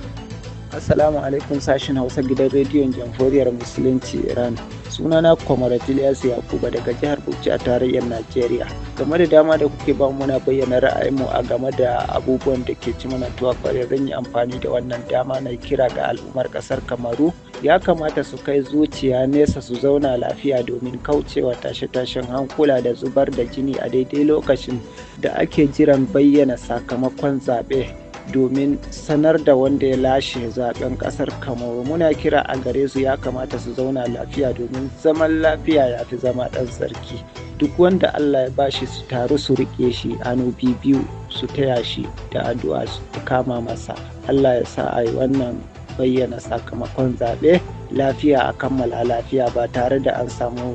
Assalamu alaikum sashen Hausa gidan rediyon jamhuriyar Musulunci Iran. Sunana Kwamar Ilyas Yakuba daga jihar Bauchi a tarayyar Najeriya. Game da dama da kuke ba muna bayyana ra'ayinmu a game da abubuwan da ke ci mana tuwa kwarai zan yi amfani da wannan dama na kira ga al'ummar kasar Kamaru. Ya kamata su kai zuciya nesa su zauna lafiya domin kaucewa tashe-tashen hankula da zubar da jini a daidai lokacin da ake jiran bayyana sakamakon zaɓe. domin sanar da wanda ya lashe zaben kasar kamaru muna kira a gare su ya kamata su zauna lafiya domin zaman lafiya ya fi zama ɗan sarki duk wanda allah ya bashi su taru su riƙe shi hannu biyu su taya shi da addu'a su kama masa allah ya sa a yi wannan bayyana sakamakon zaɓe lafiya a kammala lafiya ba tare da an samu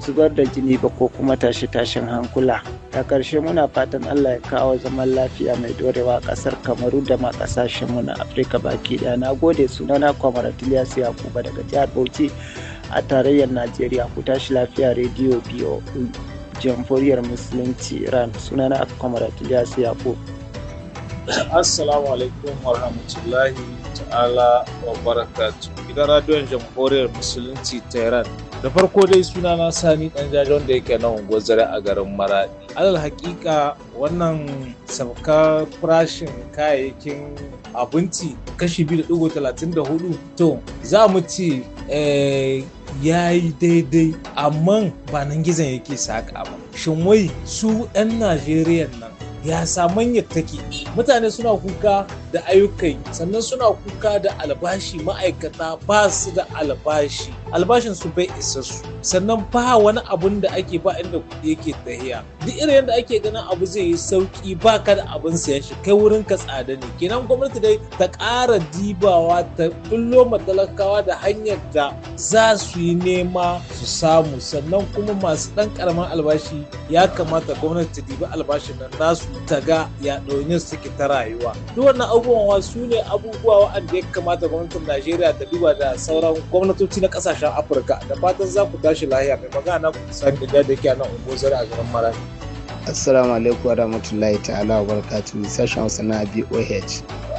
zubar da jini ba ko kuma tashe-tashen hankula ta karshe muna fatan allah ya kawo zaman lafiya mai dorewa a ƙasar kamaru da ma mu na afirka baki ɗaya na gode sunana kwamar tilias yakuba daga jihar bauchi a tarayyar najeriya ku tashi lafiya rediyo biyo e, jamhuriyar musulunci iran sunana kwamar tilias yakuba assalamu alaikum warahmatullahi ta'ala wa barakatu gidan radiyon jamhuriyar musulunci tehran da farko dai suna na sani dan jaji wanda yake nan gwazare a garin maradi alal hakika wannan sabka farashin kayayyakin abinci kashi 2.34 to za mu ci eh, ya yi daidai amma ba nan gizon yake saƙa ba shin wai su 'yan najeriya nan ya ta take mutane suna kuka da ayyukan sannan suna kuka da albashi ma'aikata ba su da albashi albashin su bai isa su sannan ba wani abun da ake ba inda kuɗi yake tahiya duk irin yadda ake ganin abu zai yi sauki ba ka da abin sayan shi kai wurin ka tsada ne kenan gwamnati dai ta ƙara dibawa ta bullo matalakawa da hanyar da za su yi nema su samu sannan kuma masu ɗan ƙaramin albashi ya kamata gwamnati ta dibi albashin nan nasu ta ga ya ɗaunin suke ta rayuwa duk wannan abubuwan su ne abubuwa waɗanda ya kamata gwamnatin najeriya da duba da sauran gwamnatoci na ƙasashen afirka da fatan za ku tashi lahiya mai magana ku sani da da yake a nan unguwar a garin marari assalamu alaikum wa rahmatullahi ta'ala wa barakatuhu sashen hausa na boh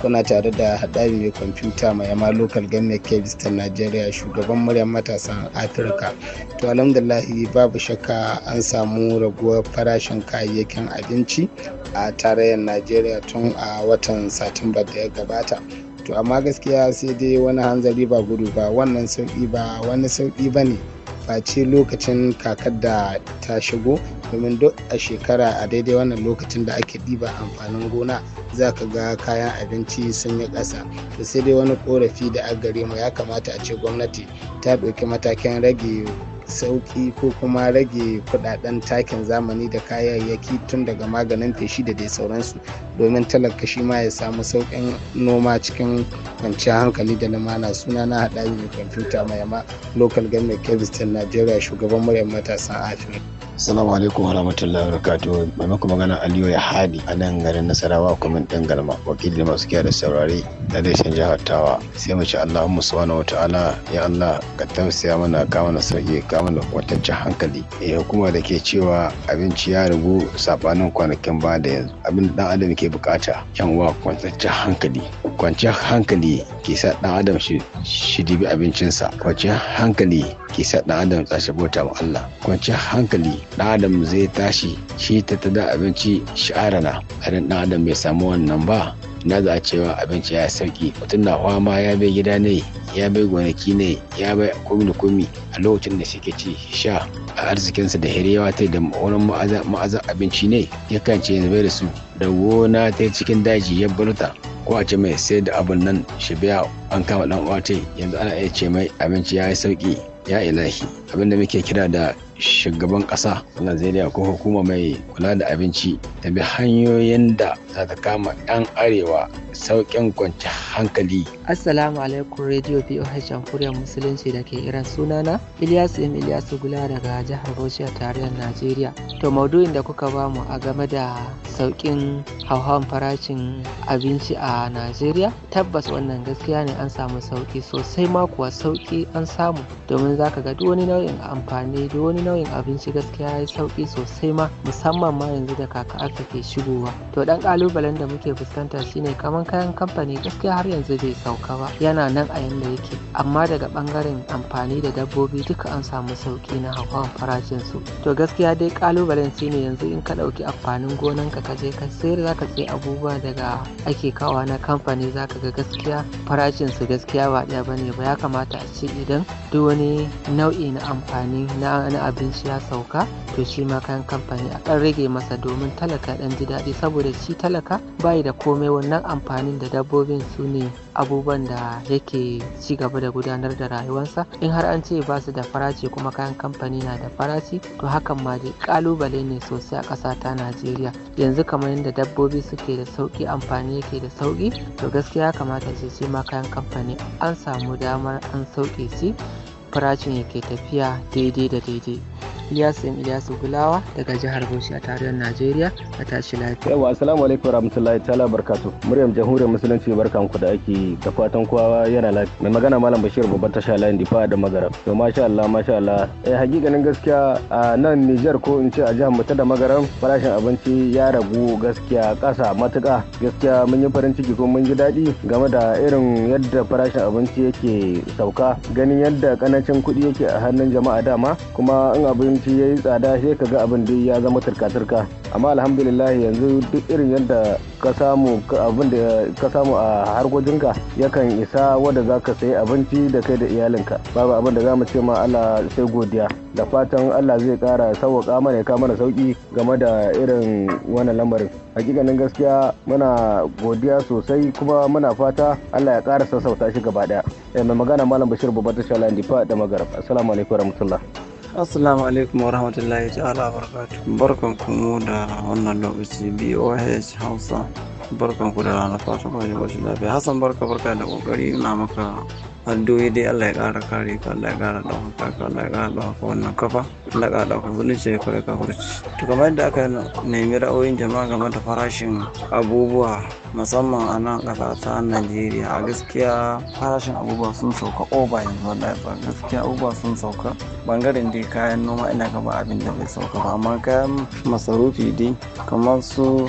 kuna tare da haɗari mai kwamfuta mai yama local government kebis ta najeriya shugaban muryar matasan afirka to alhamdulahi babu shakka an samu raguwar farashin kayayyakin abinci a tarayyar najeriya tun a watan satumba da ya gabata to amma gaskiya sai dai wani hanzari ba gudu ba wannan sauƙi ba wani sauki ba ne face lokacin kakar da ta shigo domin duk a shekara a daidai wannan lokacin da ake ɗiba amfanin gona za ka ga kayan abinci sun yi ƙasa da sai dai wani korafi da a gare mu ya kamata a ce gwamnati ta ɗauki matakin rage sauki ko kuma rage kudaden takin zamani da kayayyaki tun daga maganin feshi da dai sauransu domin talaka shi ma ya samu sauƙin noma cikin kwanciyar hankali da lumana suna na haɗari mai kwamfuta mai ma local government kebis najeriya shugaban muryar matasan afirka Assalamu alaikum wa rahmatullahi wa barakatuh. Mai maka magana Aliyu ya hadi a nan garin Nasarawa kwamin ɗan galma wakili masu kiyaye da saurari na reshen jihar Tawa. Sai mu ci Allahumma subhanahu wa ta'ala ya Allah ka tausaya mana ka mana sauki ka mana kwatancin hankali. Eh hukuma da ke cewa abinci ya ragu sabanin kwanakin ba da yanzu. Abin da dan adam ke bukata yan wa kwatancin hankali. Kwanciyar hankali ke sa ɗan adam shi dibi abincinsa. Kwanciyar hankali kisa sa ɗan adam tashi bauta wa Allah kwanciyar hankali ɗan adam zai tashi shi ta da abinci sha'arana idan ɗan adam bai samu wannan ba na za cewa abinci ya sauki mutum na fama ya bai gida ne ya bai gonaki ne ya bai komi da komi a lokacin da suke ci sha a arzikinsa da hirewa ta da wurin ma'azan abinci ne yakan ce bai da su da gona ta cikin daji ya barta ko a ce mai sai da abin nan shi biya an kama dan uwa yanzu ana iya ce mai abinci ya yi sauki ya ilahi abinda muke kira da shugaban ƙasa najeriya ko hukuma mai kula da abinci ta bi hanyoyin da za ta kama ɗan arewa sauƙin kwanci hankali assalamu alaikum radio voh jamhuriyar musulunci da ke iran sunana ilyasu m ilyasu gula daga jihar bauchi a tarayyar najeriya to maudu'in da kuka bamu a game da sauƙin hauhawan farashin abinci a najeriya tabbas wannan gaskiya ne an samu sauƙi sosai ma kuwa sauƙi an samu domin za ka ga duk wani nau'in amfani duk wani nau'in abinci gaskiya ya yi sauƙi sosai ma musamman ma yanzu da kaka aka ke shigowa to dan kalubalen da muke fuskanta shine kaman kayan kamfani gaskiya har yanzu bai sauka ba yana nan a yanda yake amma daga bangaren amfani da dabbobi duka an samu sauƙi na hawan farashin su to gaskiya dai kalubalen shine yanzu in ka ɗauki amfanin gonan ka je ka sayar zaka sai abubuwa daga ake kawa na kamfani zaka ga gaskiya farashin su gaskiya ba ɗaya bane ba ya kamata a ce idan duk wani nau'i na amfani na abinci abinci ya sauka to shi ma kayan kamfani a kan rage masa domin talaka ɗan ji daɗi saboda shi talaka bayi da komai wannan amfanin da dabbobin su ne abubuwan da yake ci gaba da gudanar da rayuwarsa in har an ce ba su da farashi kuma kayan kamfani na da farashi to hakan ma dai kalubale ne sosai a ƙasa ta najeriya yanzu kamar yadda dabbobi suke da sauki amfani yake da sauki to gaskiya ya kamata ce shi ma kayan kamfani an samu damar an sauke shi farashin yake tafiya daidai da daidai Ilyasu iliyasu Gulawa daga jihar Bauchi a tarayyar Najeriya a tashi lafiya. Yawa assalamu alaikum warahmatullahi ta'ala barkatu. Muryar Jamhuriyar Musulunci barkan ku da ake da fatan kowa yana lafiya. Mai magana Malam Bashir babban tasha layin difa da magara. To masha Allah masha Allah. Eh hakikanin gaskiya a nan nijar ko in ce a jihar mu da magaram farashin abinci ya ragu gaskiya ƙasa matuƙa. Gaskiya mun yi farin ciki ko mun ji daɗi game da irin yadda farashin abinci yake sauka ganin yadda ƙanancin kuɗi yake a hannun jama'a dama kuma in abin abinci ya yi tsada sai ka ga abin dai ya zama turka-turka amma alhamdulillah yanzu duk irin yadda ka samu abin da ka samu a harkokinka yakan isa wadda za ka sayi abinci da kai da iyalinka babu abin da za mu ce ma allah sai godiya da fatan allah zai kara sauwaƙa mana ya kama da sauƙi game da irin wannan lamarin hakikanin gaskiya muna godiya sosai kuma muna fata allah ya kara sassauta shi gaba daya eh, mai magana malam bashir babbar tashar fa da magarab assalamu alaikum warahmatullahi assalamu alaikum wa rahmatullahi ta'ala barakatuh barkan mu da wannan lokaci boh hausa barkan ku da rana fata ba wasu lafiya hassan barka barka da kokari na maka a addu'o'i dai Allah ya ƙara kare ka Allah ya ƙara ɗaukaka ka Allah ya ƙara ɗaukaka wannan kafa Allah ya ƙara ɗaukaka zulunci ya kare ka hurci to kamar yadda aka nemi ra'ayoyin jama'a game da farashin abubuwa musamman a nan ƙasa ta Najeriya a gaskiya farashin abubuwa sun sauka oba yanzu wallahi ba gaskiya abubuwa sun sauka bangaren dai kayan noma ina gaba abin da bai sauka ba amma kayan masarufi dai kamar su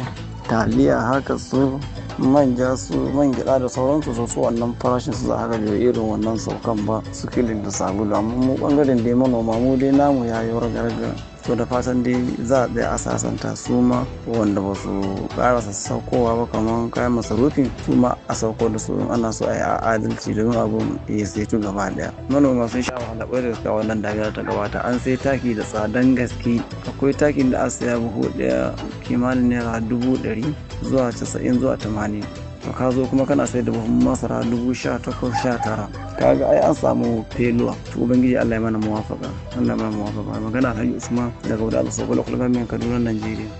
taliya haka su manja su man gyaɗa da sauransu su su wannan farashin su za a bai irin wannan saukan ba su kilin da sabulu amma mu bangaren dai manoma mu dai namu ya yi raga to da fatan dai za a tsaya a sasanta su ma wanda ba su karasa saukowa ba kamar kayan masarufin su ma a sauko da su ana so a yi a adalci domin abin ya tu gaba daya manoma sun sha wahala ɓoye da suka wannan dagara ta gabata an sai taki da tsadan gaske akwai takin da a saya buhu ɗaya kimanin naira dubu ɗari zuwa casa'in zuwa tamanin to ka zo kuma kana sai da buhun masara dubu sha takwas sha tara kaga ai an samu feluwa to ubangiji Allah ya mana muwafaka Allah ya mana muwafaka magana Alhaji Usman daga Wadal Sokola Kulgamin Kaduna Najeriya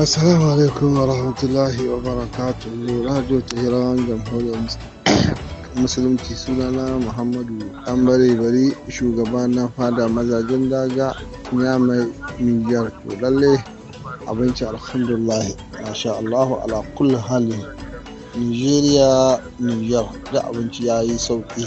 Assalamu alaikum wa rahmatullahi wa barakatu. barakatuhu Radio hirawan Jamhuriyar (coughs) Musulunci suna na Muhammadu Ɗanbare Bari shugaba na fada mazajen daga ya mai mijiyar to lalle abinci alhamdulillah masha Allahu ala kulli halin Nigeria New York da abinci ya yi sauki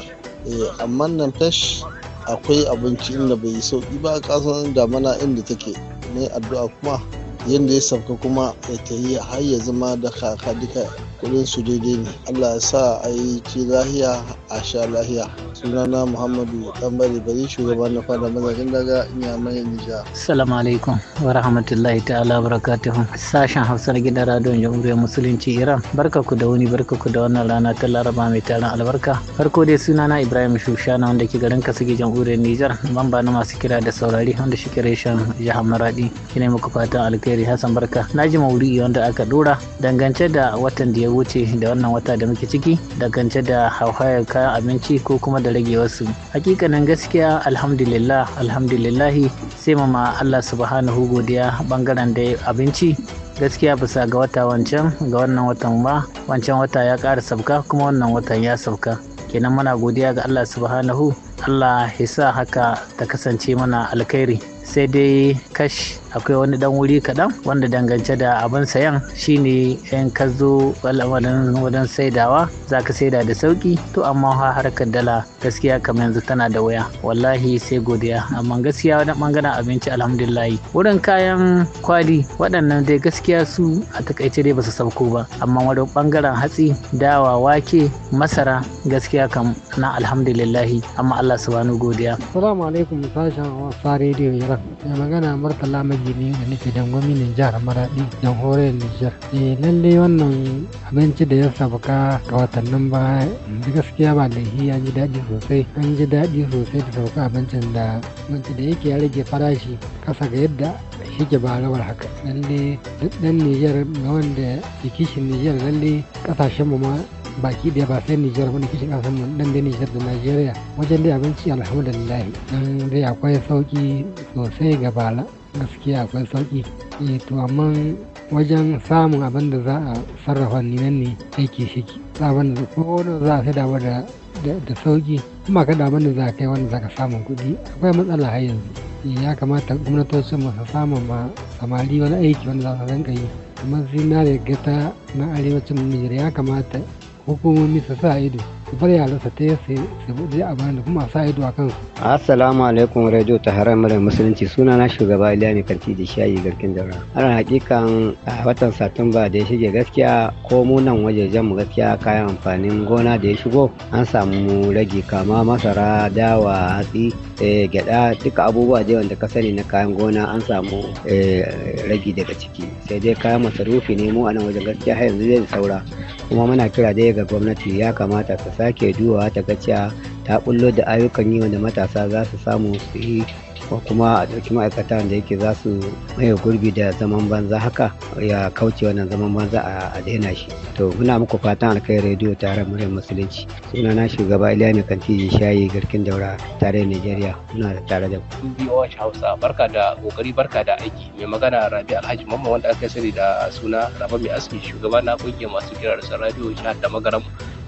eh, amma nan fesh akwai abinci inda bai yi sauki ba a kasan damana inda take mai addu'a kuma yadda ya sauka kuma ya ta yi har ya zama da kaka duka kudin su daidai ne allah ya sa a yi ci lahiya a sha lahiya sunana muhammadu dan bari bari shugaban na fada mazajen daga mai nija salamu alaikum wa rahmatullahi ta'ala barakatuhu sashen hausar gidan radon jamhuriyar musulunci iran barka ku da wuni barka ku da wannan rana ta laraba mai taron albarka farko dai sunana ibrahim shushana wanda ke garin kasige jamhuriyar nijar ba na masu kira da saurari wanda shi kira shan jihar maradi ne muku fatan alkhairi hassan barka na ji maulidi wanda aka dora dangance da watan da ya ya wuce da wannan wata da muke ciki da dangance da hauhayar kayan abinci ko kuma da rage wasu hakikanin gaskiya alhamdulillah alhamdulillahi sai ma allah subhanahu godiya bangaren da abinci gaskiya bisa ga wata wancan ga wannan watan ba wancan wata ya ƙara sabka kuma wannan watan ya sabka kenan muna godiya ga allah subhanahu allah ya sa haka ta kasance mana alkhairi sai dai kashi. akwai wani dan wuri kaɗan wanda dangance da abin sayan shine 'Yan ka zo wadan saidawa za ka saida da sauki to amma harkar dala gaskiya kamar yanzu tana da waya wallahi sai godiya amma gaskiya wani bangaren abinci alhamdulillahi wurin kayan kwali waɗannan dai gaskiya su a takaice dai ba sauko ba amma wani bangaren hatsi dawa wake masara gaskiya kam na alhamdulillahi amma Allah subhanahu godiya assalamu alaikum sashen wasa rediyo iran mai magana murtala mai magini da nake dan gwamnan jihar maradi jamhuriyar nijar eh lallai wannan abinci da ya sabuka a watannin ba gaskiya ba laifi ya ji daɗi sosai an ji daɗi sosai da sauka abincin da abinci da yake ya rage farashi kasa ga yadda shi ke ba rawar haka lalle duk ɗan nijar ga wanda ke kishin nijar lalle ƙasashen mu ma baki da ba sai Nijar wani kishin kasan mu dan da Nijar da Najeriya wajen dai abinci alhamdulillah dan dai akwai sauki sosai ga bala gaskiya akwai sauki e eh, to amma wajen samun abin da za a sarrafa nan ne aiki shiki sabon da ko za a saidawa da da sauki kuma kada abin da za a kai wanda za ka samun kuɗi akwai matsala har yanzu eh, ya kamata gwamnatoci masu samun ma samari wani aiki wanda za su rinka yi kamar zinare gata na arewacin nigeria ya kamata hukumomi su sa ido bar yaran sa ta su je a da kuma sa ido a kansu. Assalamu alaikum radio ta harar mara musulunci suna na shugaba Iliya mai karti da shayi garkin daura. Ana hakikan a watan Satumba da ya shige gaskiya ko mu nan wajejen mu gaskiya kayan amfanin gona da ya shigo an samu rage kama masara dawa hatsi eh, gyada duka abubuwa da wanda ka sani na kayan gona an samu eh, ragi daga ciki sai dai kayan masarufi ne mu a nan wajen gaskiya har yanzu zai saura kuma muna kira dai ga gwamnati ya kamata ta sake dubawa ta ga ta bullo da ayyukan yi wanda matasa za su samu su yi ko kuma a ɗauki ma'aikata da yake za su maye gurbi da zaman banza haka ya kauce wannan zaman banza a daina shi to muna muku fatan alkai rediyo tare muryar musulunci suna na shugaba iliya mai kanti shayi garkin daura tare nigeria muna da tare da ku hausa barka da kokari barka da aiki mai magana rabi alhaji mamman wanda aka sani da suna raba mai aski shugaba na kungiyar masu kirar radio jihar da magaram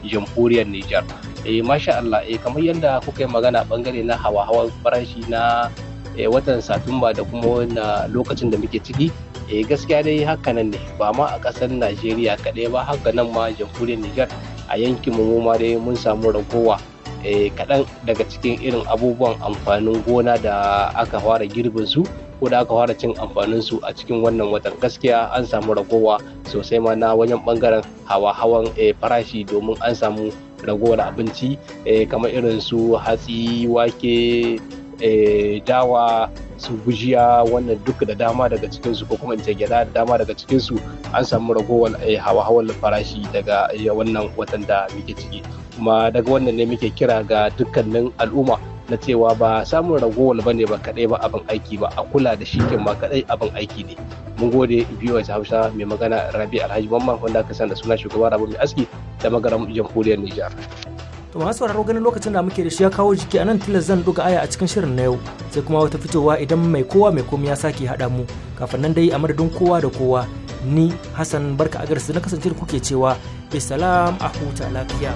jamhuriyar Nijar. Eh masha Allah eh kamar yadda kuka yi magana bangare na hawa-hawa farashi na eh, watan Satumba da kuma wannan lokacin da muke ciki eh gaskiya dai hakanan ne ba ma a ƙasar Najeriya kaɗai ba haka nan ma jamhuriyar Nijar a yankin mu ma dai mun samu ragowa eh, kaɗan daga cikin irin abubuwan amfanin gona da aka fara girbin su ko da aka fara cin amfanin su a cikin wannan watan gaskiya an samu ragowa sosai ma na wajen bangaren hawa-hawan eh, farashi domin an samu ragowar abinci eh, kamar irin su hatsi wake eh, dawa su gujiya wannan duk da dama daga cikin su, ko kuma ce gyada da dama daga cikin su an samu ragowar hawa-hawan farashi daga wannan watan da muke ciki kuma daga wannan ne muke kira ga dukkanin al'umma na cewa ba samun ragowar ba ne ba kaɗai ba abin aiki ba a kula da shikin ba kaɗai abin aiki ne mun gode biyu hausa mai magana rabi alhaji mamman wanda aka san da suna shugaban rabu mai aski da magaram jamhuriyar nijar to masu sauraro ganin lokacin da muke da shi ya kawo jiki a nan tilas zan duga aya a cikin shirin na yau sai kuma wata fitowa idan mai kowa mai komi ya sake haɗa mu kafin nan dai a madadin kowa da kowa ni hassan barka agarsu na kasance da kuke cewa bisalam a huta lafiya.